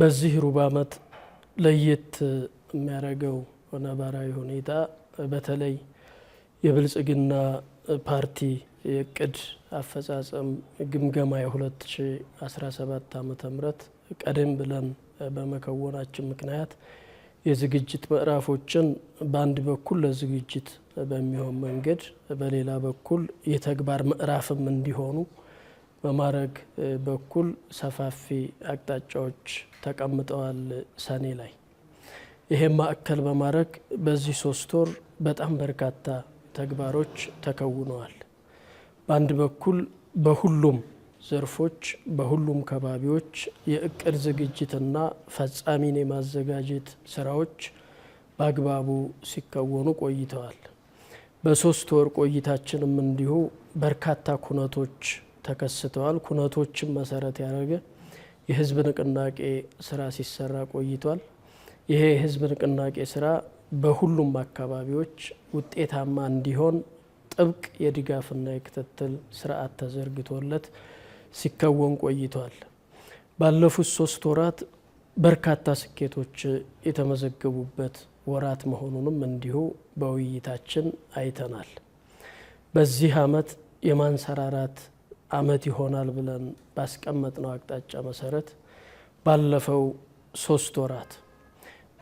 በዚህ ሩብ ዓመት ለየት የሚያደርገው ነባራዊ ሁኔታ በተለይ የብልጽግና ፓርቲ የእቅድ አፈጻጸም ግምገማ የ2017 ዓ ምህረት ቀደም ብለን በመከወናችን ምክንያት የዝግጅት ምዕራፎችን በአንድ በኩል ለዝግጅት በሚሆን መንገድ፣ በሌላ በኩል የተግባር ምዕራፍም እንዲሆኑ በማድረግ በኩል ሰፋፊ አቅጣጫዎች ተቀምጠዋል። ሰኔ ላይ ይሄን ማዕከል በማድረግ በዚህ ሶስት ወር በጣም በርካታ ተግባሮች ተከውነዋል። በአንድ በኩል በሁሉም ዘርፎች በሁሉም ከባቢዎች የእቅድ ዝግጅትና ፈጻሚን የማዘጋጀት ስራዎች በአግባቡ ሲከወኑ ቆይተዋል። በሶስት ወር ቆይታችንም እንዲሁ በርካታ ኩነቶች ተከስተዋል። ኩነቶችን መሰረት ያደረገ የህዝብ ንቅናቄ ስራ ሲሰራ ቆይቷል። ይሄ የህዝብ ንቅናቄ ስራ በሁሉም አካባቢዎች ውጤታማ እንዲሆን ጥብቅ የድጋፍና የክትትል ስርዓት ተዘርግቶለት ሲከወን ቆይቷል። ባለፉት ሶስት ወራት በርካታ ስኬቶች የተመዘገቡበት ወራት መሆኑንም እንዲሁ በውይይታችን አይተናል። በዚህ ዓመት የማንሰራራት አመት ይሆናል ብለን ባስቀመጥነው አቅጣጫ መሰረት ባለፈው ሶስት ወራት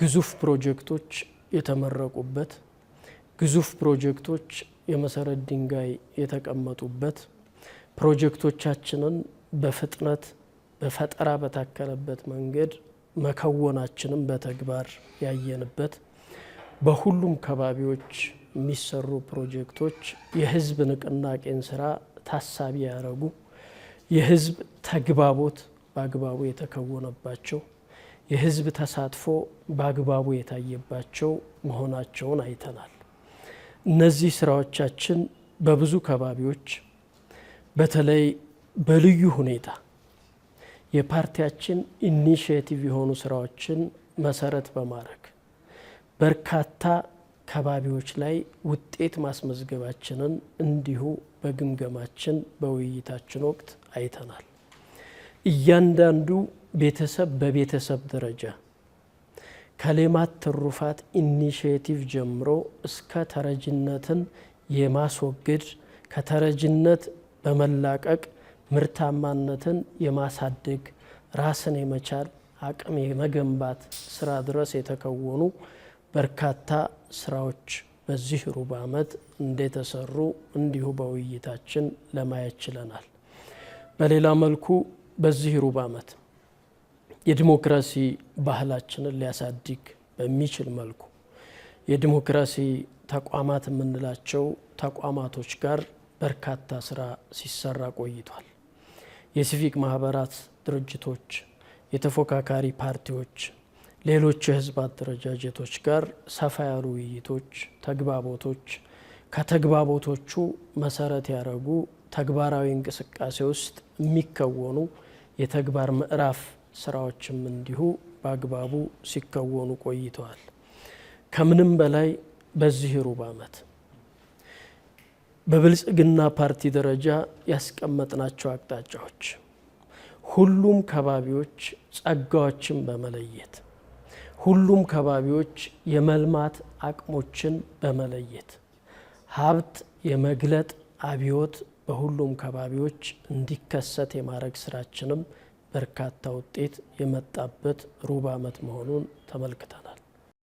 ግዙፍ ፕሮጀክቶች የተመረቁበት ግዙፍ ፕሮጀክቶች የመሰረት ድንጋይ የተቀመጡበት ፕሮጀክቶቻችንን በፍጥነት በፈጠራ በታከለበት መንገድ መከወናችንም በተግባር ያየንበት በሁሉም ከባቢዎች የሚሰሩ ፕሮጀክቶች የህዝብ ንቅናቄን ስራ ታሳቢ ያደረጉ የህዝብ ተግባቦት በአግባቡ የተከወነባቸው የህዝብ ተሳትፎ በአግባቡ የታየባቸው መሆናቸውን አይተናል። እነዚህ ስራዎቻችን በብዙ ከባቢዎች በተለይ በልዩ ሁኔታ የፓርቲያችን ኢኒሽቲቭ የሆኑ ስራዎችን መሰረት በማድረግ በርካታ ከባቢዎች ላይ ውጤት ማስመዝገባችንን እንዲሁ በግምገማችን በውይይታችን ወቅት አይተናል። እያንዳንዱ ቤተሰብ በቤተሰብ ደረጃ ከሌማት ትሩፋት ኢኒሽቲቭ ጀምሮ እስከ ተረጅነትን የማስወገድ ከተረጅነት በመላቀቅ ምርታማነትን የማሳደግ ራስን የመቻል አቅም የመገንባት ስራ ድረስ የተከወኑ በርካታ ስራዎች በዚህ ሩብ ዓመት እንደተሰሩ እንዲሁ በውይይታችን ለማየት ችለናል። በሌላ መልኩ በዚህ ሩብ ዓመት የዲሞክራሲ ባህላችንን ሊያሳድግ በሚችል መልኩ የዲሞክራሲ ተቋማት የምንላቸው ተቋማቶች ጋር በርካታ ስራ ሲሰራ ቆይቷል። የሲቪክ ማህበራት ድርጅቶች፣ የተፎካካሪ ፓርቲዎች ሌሎች የህዝብ አደረጃጀቶች ጋር ሰፋ ያሉ ውይይቶች፣ ተግባቦቶች ከተግባቦቶቹ መሰረት ያደረጉ ተግባራዊ እንቅስቃሴ ውስጥ የሚከወኑ የተግባር ምዕራፍ ስራዎችም እንዲሁ በአግባቡ ሲከወኑ ቆይተዋል። ከምንም በላይ በዚህ ሩብ ዓመት በብልጽግና ፓርቲ ደረጃ ያስቀመጥናቸው አቅጣጫዎች ሁሉም ከባቢዎች ጸጋዎችን በመለየት ሁሉም ከባቢዎች የመልማት አቅሞችን በመለየት ሀብት የመግለጥ አብዮት በሁሉም ከባቢዎች እንዲከሰት የማድረግ ስራችንም በርካታ ውጤት የመጣበት ሩብ ዓመት መሆኑን ተመልክተናል።